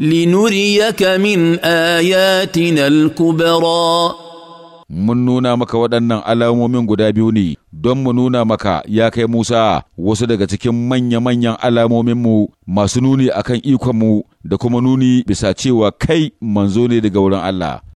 لنريك من آياتنا الكبرى mun nuna maka waɗannan alamomin guda biyu ne don mu nuna maka ya kai Musa wasu daga cikin manya-manyan alamominmu masu nuni akan ikonmu da kuma nuni bisa cewa kai manzo ne daga wurin Allah.